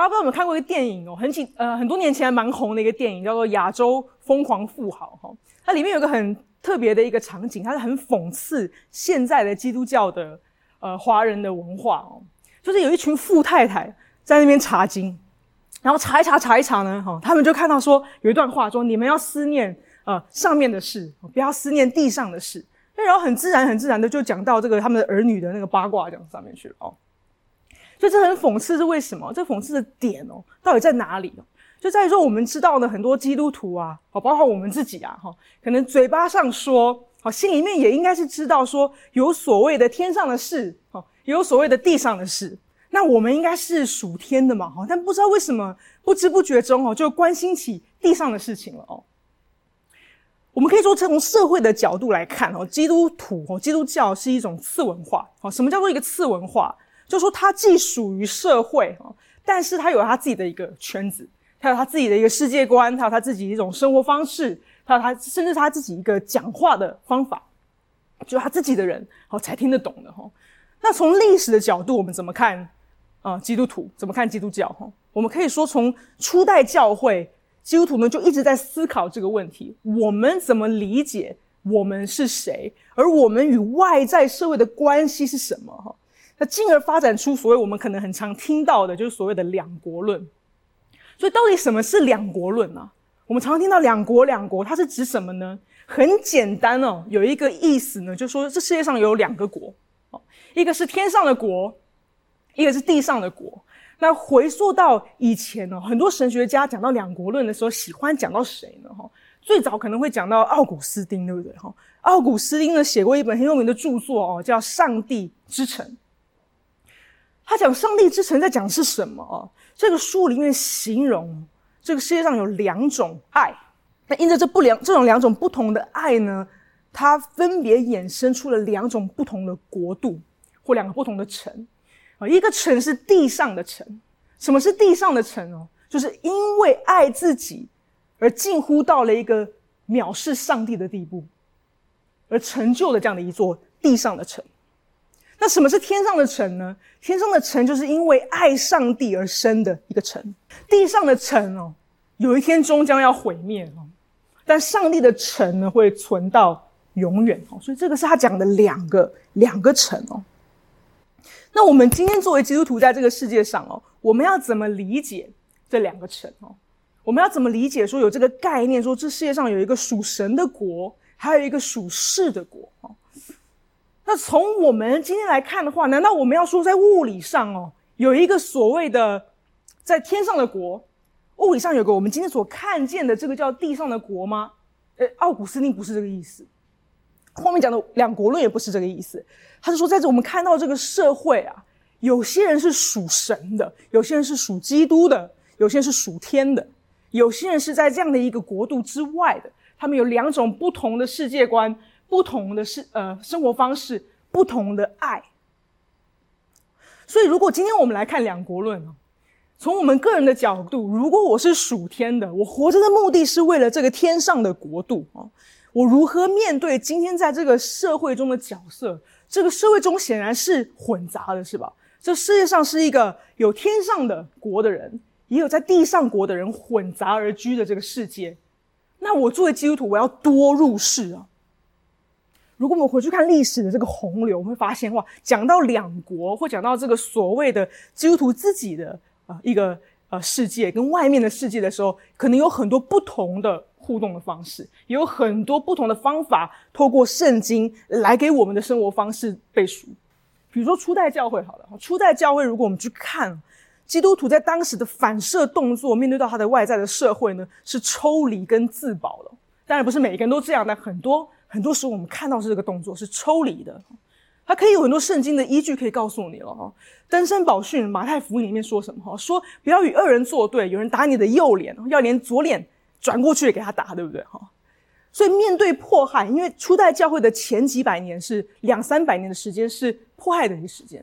大家不知道有沒有看過一個電影哦，很幾呃很多年前還蠻紅的一個電影，叫做《亞洲瘋狂富豪》哈、哦。它裡面有一個很特別的一個場景，它是很諷刺現在的基督教的呃華人的文化哦，就是有一群富太太在那邊查經，然後查一查查一查呢，哈、哦，他們就看到說有一段話說，說你們要思念呃上面的事、哦，不要思念地上的事。那然後很自然很自然的就講到這個他們的兒女的那個八卦講上面去了哦。所以這很諷刺，是為什麼？這諷刺的點哦，到底在哪裡？就在於說，我們知道的很多基督徒啊，包括我們自己啊，可能嘴巴上說，好，心裡面也應該是知道，說有所謂的天上的事，哦，有所謂的地上的事，那我們應該是屬天的嘛，但不知道為什麼，不知不覺中哦，就關心起地上的事情了哦。我們可以說，從社會的角度來看哦，基督徒哦，基督教是一種次文化，什麼叫做一個次文化？就說他既屬於社會，但是他有他自己的一個圈子，他有他自己的一個世界觀，他有他自己一種生活方式，他有他甚至他自己一個講話的方法，就他自己的人，好才聽得懂的哈。那從歷史的角度，我們怎麼看啊？基督徒怎麼看基督教？哈，我們可以說，從初代教會，基督徒們就一直在思考這個問題：我們怎麼理解我們是誰？而我們與外在社會的關係是什麼？哈。那進而發展出所謂我們可能很常聽到的，就是所謂的兩國論。所以到底什麼是兩國論呢？我們常常聽到“兩國”，“兩國”它是指什麼呢？很簡單哦，有一個意思呢，就是說這世界上有兩個國，哦，一個是天上的國，一個是地上的國。那回溯到以前呢，很多神學家講到兩國論的時候，喜歡講到誰呢？哈，最早可能會講到奧古斯丁，對不對？哈，奧古斯丁呢寫過一本很有名的著作哦，叫《上帝之城》。他講上帝之城，在講的是什麼？這個書裡面形容，這個世界上有兩種愛。那因着這不兩這種兩種不同的愛呢，它分別衍生出了兩種不同的國度，或兩個不同的城。啊，一個城是地上的城。什麼是地上的城？哦，就是因為愛自己，而近乎到了一個藐視上帝的地步，而成就了這樣的一座地上的城。那什麼是天上的城呢？天上的城就是因為愛上帝而生的一個城，地上的城哦，有一天終將要毀滅哦，但上帝的城呢，會存到永遠哦，所以這個是他講的兩個兩個城哦。那我們今天作為基督徒在這個世界上哦，我們要怎麼理解這兩個城哦？我們要怎麼理解說有這個概念說這世界上有一個屬神的國，還有一個屬世的國哦？那從我們今天來看的話，難道我們要說在物理上哦，有一個所謂的在天上的國，物理上有個我們今天所看見的這個叫地上的國嗎？呃，奧古斯丁不是這個意思，後面講的兩國論也不是這個意思，他是說，在我們看到這個社會啊，有些人是屬神的，有些人是屬基督的，有些人是屬天的，有些人是在這樣的一個國度之外的，他們有兩種不同的世界觀。不同的是，呃，生活方式不同的愛。所以，如果今天我們來看《兩國論》啊，從我們個人的角度，如果我是屬天的，我活着的目的是為了這個天上的國度哦。我如何面對今天在這個社會中的角色？這個社會中顯然是混雜的，是吧？這世界上是一個有天上的國的人，也有在地上國的人混雜而居的這個世界。那我作為基督徒，我要多入世啊。如果我們回去看歷史的這個洪流，我們會發現，哇，講到兩國，或講到這個所謂的基督徒自己的啊、呃，一個呃世界，跟外面的世界的時候，可能有很多不同的互動的方式，也有很多不同的方法，透過聖經來給我們的生活方式背書。比如說初代教會，好了，初代教會，如果我們去看基督徒在當時的反射動作，面對到他的外在的社會呢，是抽離跟自保了。當然不是每一個人都這樣，但很多。很多時候我們看到的是這個動作是抽離的，它可以有很多聖經的依據可以告訴你了哈。登山寶訓馬太福音裡面說什麼？哈，說不要與惡人作對，有人打你的右臉，要連左臉轉過去給他打，對不對？哈。所以面對迫害，因為初代教會的前幾百年是兩三百年的時間是迫害的一個時間，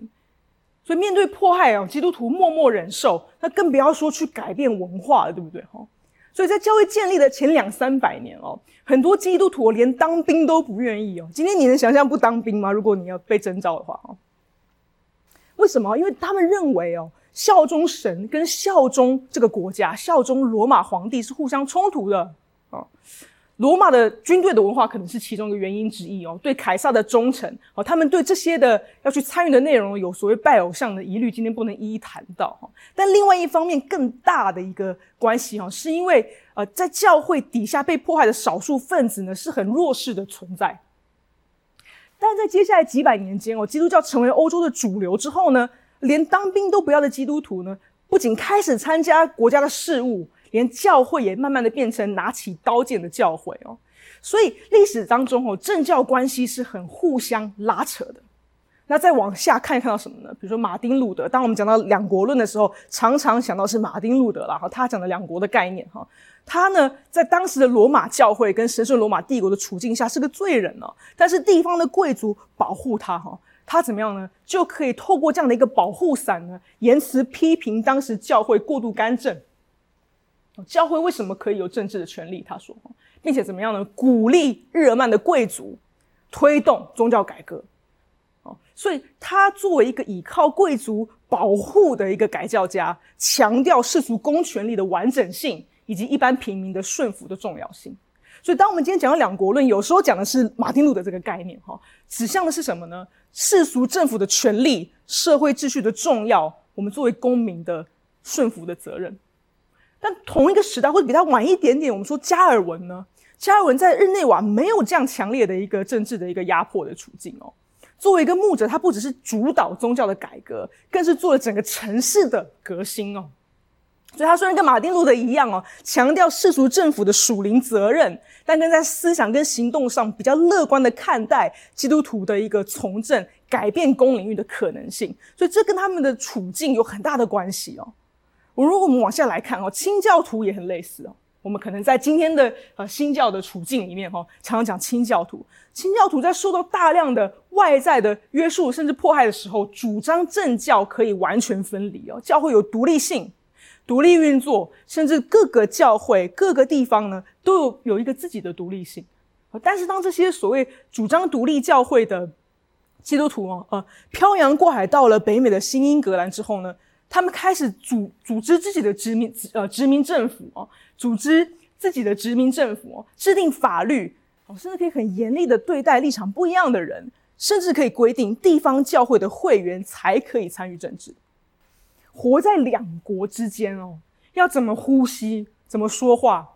所以面對迫害啊，基督徒默默忍受，那更不要說去改變文化了，對不對？哈。所以在教會建立的前兩三百年哦，很多基督徒連當兵都不願意哦。今天你能想象不當兵嗎？如果你要被徵召的話哦，為什麼？因為他們認為哦，效忠神跟效忠這個國家、效忠羅馬皇帝是互相衝突的哦。羅馬的軍隊的文化可能是其中一個原因之一哦、喔，對凱撒的忠誠，他們對這些的要去參與的內容有所謂拜偶像的疑慮，今天不能一一談到。但另外一方面，更大的一個關係是因為呃，在教會底下被迫害的少數分子呢，是很弱勢的存在。但在接下來幾百年間哦，基督教成為歐洲的主流之後呢，連當兵都不要的基督徒呢，不僅開始參加國家的事務。連教會也慢慢的變成拿起刀劍的教會哦，所以歷史當中哦，政教關係是很互相拉扯的。那再往下看一看到什麼呢？比如說馬丁路德，當我們講到兩國論的時候，常常想到是馬丁路德啦。哈。他講的兩國的概念哈，他呢在當時的羅馬教會跟神聖羅馬帝國的處境下是個罪人哦。但是地方的貴族保護他哈，他怎麼樣呢？就可以透過這樣的一個保護傘呢，言辭批評當時教會過度干政。教會為什麼可以有政治的權利？他說，並且怎麼樣呢？鼓勵日耳曼的貴族，推動宗教改革。哦，所以他作為一個依靠貴族保護的一個改教家，強調世俗公權力的完整性以及一般平民的順服的重要性。所以，當我們今天講到兩國論，有時候講的是馬丁路德這個概念，哈，指向的是什麼呢？世俗政府的權利，社會秩序的重要，我們作為公民的順服的責任。但同一個時代會比他晚一點點，我們說加爾文呢？加爾文在日內瓦沒有這樣強烈的一個政治的一個壓迫的處境哦。作為一個牧者，他不只是主導宗教的改革，更是做了整個城市的革新哦。所以他雖然跟馬丁路德一樣哦，強調世俗政府的屬靈責任，但更在思想跟行動上比較樂觀地看待基督徒的一個從政、改變公領域的可能性。所以這跟他們的處境有很大的關係哦。我，如果我們往下來看哦，清教徒也很類似哦。我們可能在今天的呃新教的處境裡面、哦，哈，常常講清教徒。清教徒在受到大量的外在的約束甚至迫害的時候，主張政教可以完全分離哦，教會有獨立性、獨立運作，甚至各個教會、各個地方呢都有有一個自己的獨立性。但是當這些所謂主張獨立教會的基督徒哦，呃，漂洋過海到了北美的新英格蘭之後呢，他們開始組組織自己的殖民呃殖民政府哦，組織自己的殖民政府，哦，制定法律哦，甚至可以很嚴厲的對待立場不一樣的人，甚至可以規定地方教會的會員才可以參與政治。活在兩國之間哦，要怎麼呼吸，怎麼說話，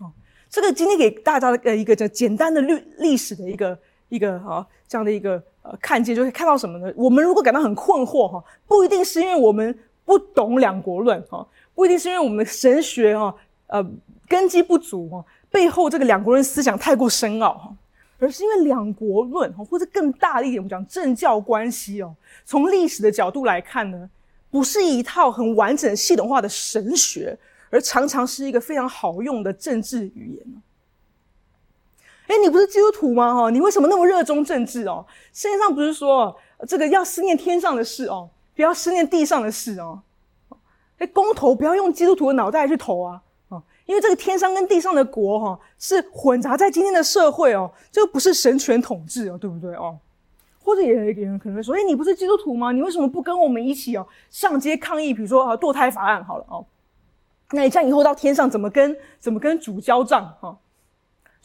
哦，這個今天給大家呃一個簡單的歷歷史的一個一個啊，哦，這樣的一個。呃，看見就是看到什麼呢？我們如果感到很困惑哈，不一定是因為我們不懂兩國論哈，不一定是因為我們的神學哦，呃，根基不足哦，背後這個兩國論思想太過深奧哈，而是因為兩國論或者更大的一點，我們講政教關係哦，從歷史的角度來看呢，不是一套很完整系統化的神學，而常常是一個非常好用的政治語言。哎、欸，你不是基督徒嗎？哈，你為什麼那麼熱衷政治哦？聖經上不是說這個要思念天上的事哦，不要思念地上的事哦。哎、欸，公投不要用基督徒的腦袋去投啊！哦，因為這個天上跟地上的國哈，是混雜在今天的社會哦，這個不是神權統治哦，對不對哦？或者也有人可能會說，哎、欸，你不是基督徒嗎？你為什麼不跟我們一起哦上街抗議？比如說墮胎法案好了哦，那你這樣以後到天上怎麼跟怎麼跟主交賬啊？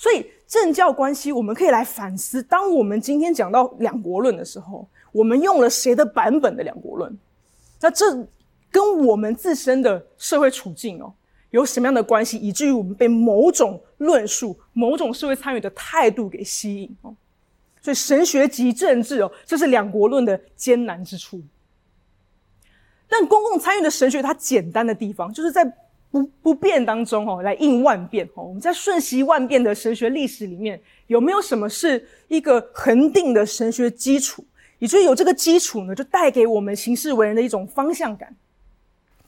所以政教關係，我們可以來反思。當我們今天講到兩國論的時候，我們用了誰的版本的兩國論？那這跟我們自身的社會處境哦、喔，有什麼樣的關係？以至於我們被某種論述、某種社會參與的態度給吸引哦、喔。所以神學及政治哦、喔，這是兩國論的艱難之處。但公共參與的神學它簡單的地方，就是在。不不變當中哦，來應萬變哦。我們在瞬息萬變的神學歷史裡面，有沒有什麼是一個恆定的神學基礎？也就是有這個基礎呢，就帶給我們行事為人的一種方向感。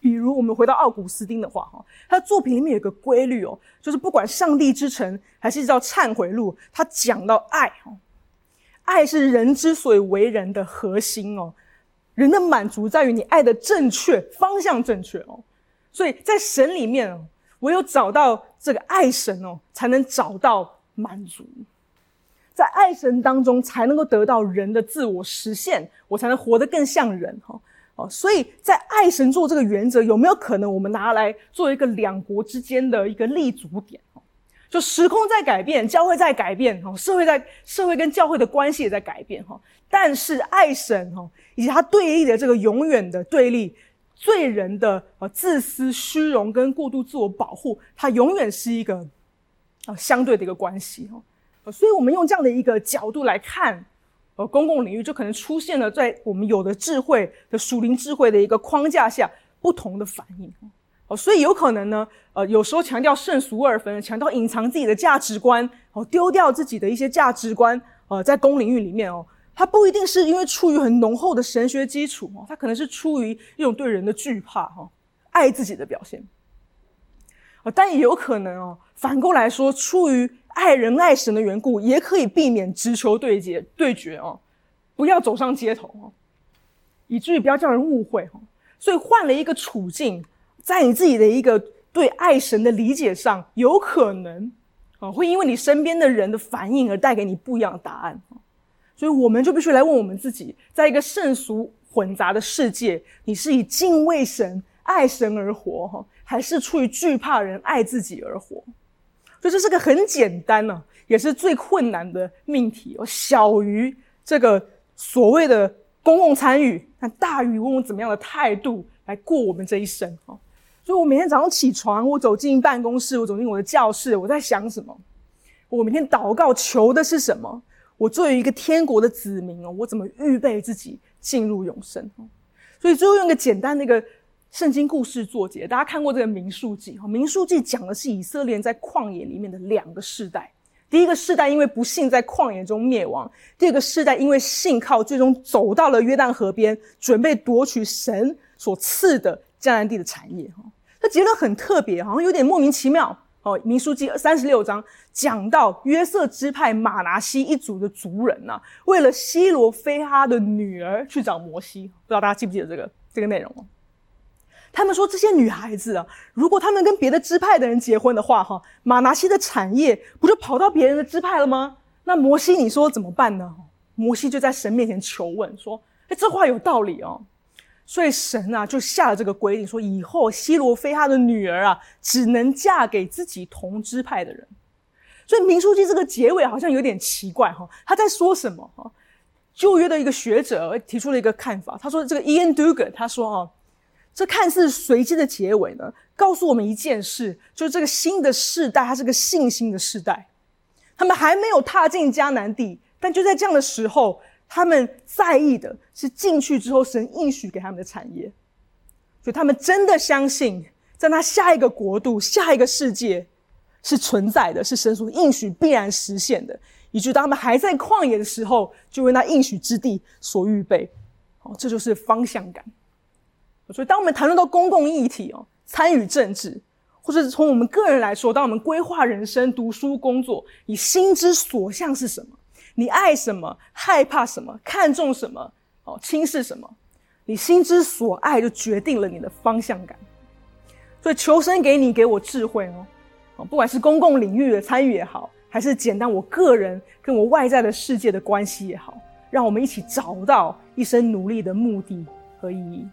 比如我們回到奧古斯丁的話哈、哦，他的作品裡面有一個規律哦，就是不管《上帝之城》還是叫《懺悔錄》，他講到愛哦，愛是人之所以為人的核心哦，人的滿足在於你愛的正確方向，正確哦。所以在神裡面哦，唯有找到這個愛神哦，才能找到滿足，在愛神當中才能夠得到人的自我實現，我才能活得更像人哈。所以在愛神做這個原則，有沒有可能我們拿來做一個兩國之間的一個立足點？就時空在改變，教會在改變哈，社會在社會跟教會的關係也在改變哈，但是愛神哈以及它對立的這個永遠的對立，罪人的呃自私、虛榮跟過度自我保護，它永遠是一個啊相對的一個關係哦，所以我們用這樣的一個角度來看，呃，公共領域就可能出現了在我們有的智慧的屬靈智慧的一個框架下不同的反應哦，所以有可能呢，呃，有時候強調聖俗二分，強調隱藏自己的價值觀，哦，丟掉自己的一些價值觀，呃，在公領域裡面哦。他不一定是因為出於很濃厚的神學基礎哦，他可能是出於一種對人的懼怕哈，愛自己的表現。但也有可能哦，反過來說，出於愛人愛神的緣故，也可以避免直球對決對決哦，不要走上街頭哦，以至於不要叫人誤會哦，所以換了一個處境，在你自己的一個對愛神的理解上，有可能啊，會因為你身邊的人的反應而帶給你不一樣的答案。所以我們就必須來問我們自己，在一個聖俗混雜的世界，你是以敬畏神、愛神而活，哈，還是出於懼怕人、愛自己而活？所以這是個很簡單呢、啊，也是最困難的命題哦。小於這個所謂的公共參與，那大於問我們怎麼樣的態度來過我們這一生，哈。所以我每天早上起床，我走進辦公室，我走進我的教室，我在想什麼？我每天禱告求的是什麼？我作為一個天國的子民哦，我怎麼預備自己進入永生？所以最後用一個簡單的一個聖經故事作結。大家看過這個民記《民數記》哈，《民數記》講的是以色列在曠野裡面的兩個世代。第一個世代因為不信在曠野中滅亡；第二個世代因為信靠，最終走到了約旦河邊，準備奪取神所賜的迦南地的產業。哈，它結論很特別，好像有點莫名其妙。哦，民數記三十六章講到約瑟支派馬拿西一族的族人吶、啊，為了西羅非哈的女兒去找摩西，不知道大家記不記得這個這個內容了？他們說這些女孩子啊，如果他們跟別的支派的人結婚的話、啊，哈，馬拿西的產業不就跑到別人的支派了嗎？那摩西你說怎麼辦呢？摩西就在神面前求問，說：“誒、欸、這話有道理哦。”所以神啊就下了這個規定，說，以後西羅非哈的女兒啊只能嫁給自己同支派的人。所以民數記這個結尾好像有點奇怪哈、哦，他在說什麼？哈，舊約的一個學者提出了一個看法，他說這個 Ian Dugan，他說啊、哦，這看似隨機的結尾呢，告訴我們一件事，就是這個新的世代它是個信心的世代，他們還沒有踏進迦南地，但就在這樣的時候。他們在意的是進去之後神應許給他們的產業，所以他們真的相信，在那下一個國度、下一個世界是存在的，是神所應許必然實現的。以及，當他們還在曠野的時候，就為那應許之地所預備。好，這就是方向感。所以，當我們談論到公共議題哦，參與政治，或者從我們個人來說，當我們規劃人生、讀書、工作，你心之所向是什麼？你愛什麼，害怕什麼，看重什麼，哦，輕視什麼？你心之所愛，就決定了你的方向感。所以，求生給你，給我智慧哦。哦，不管是公共領域的參與也好，還是簡單我個人跟我外在的世界的關係也好，讓我們一起找到一生努力的目的和意義。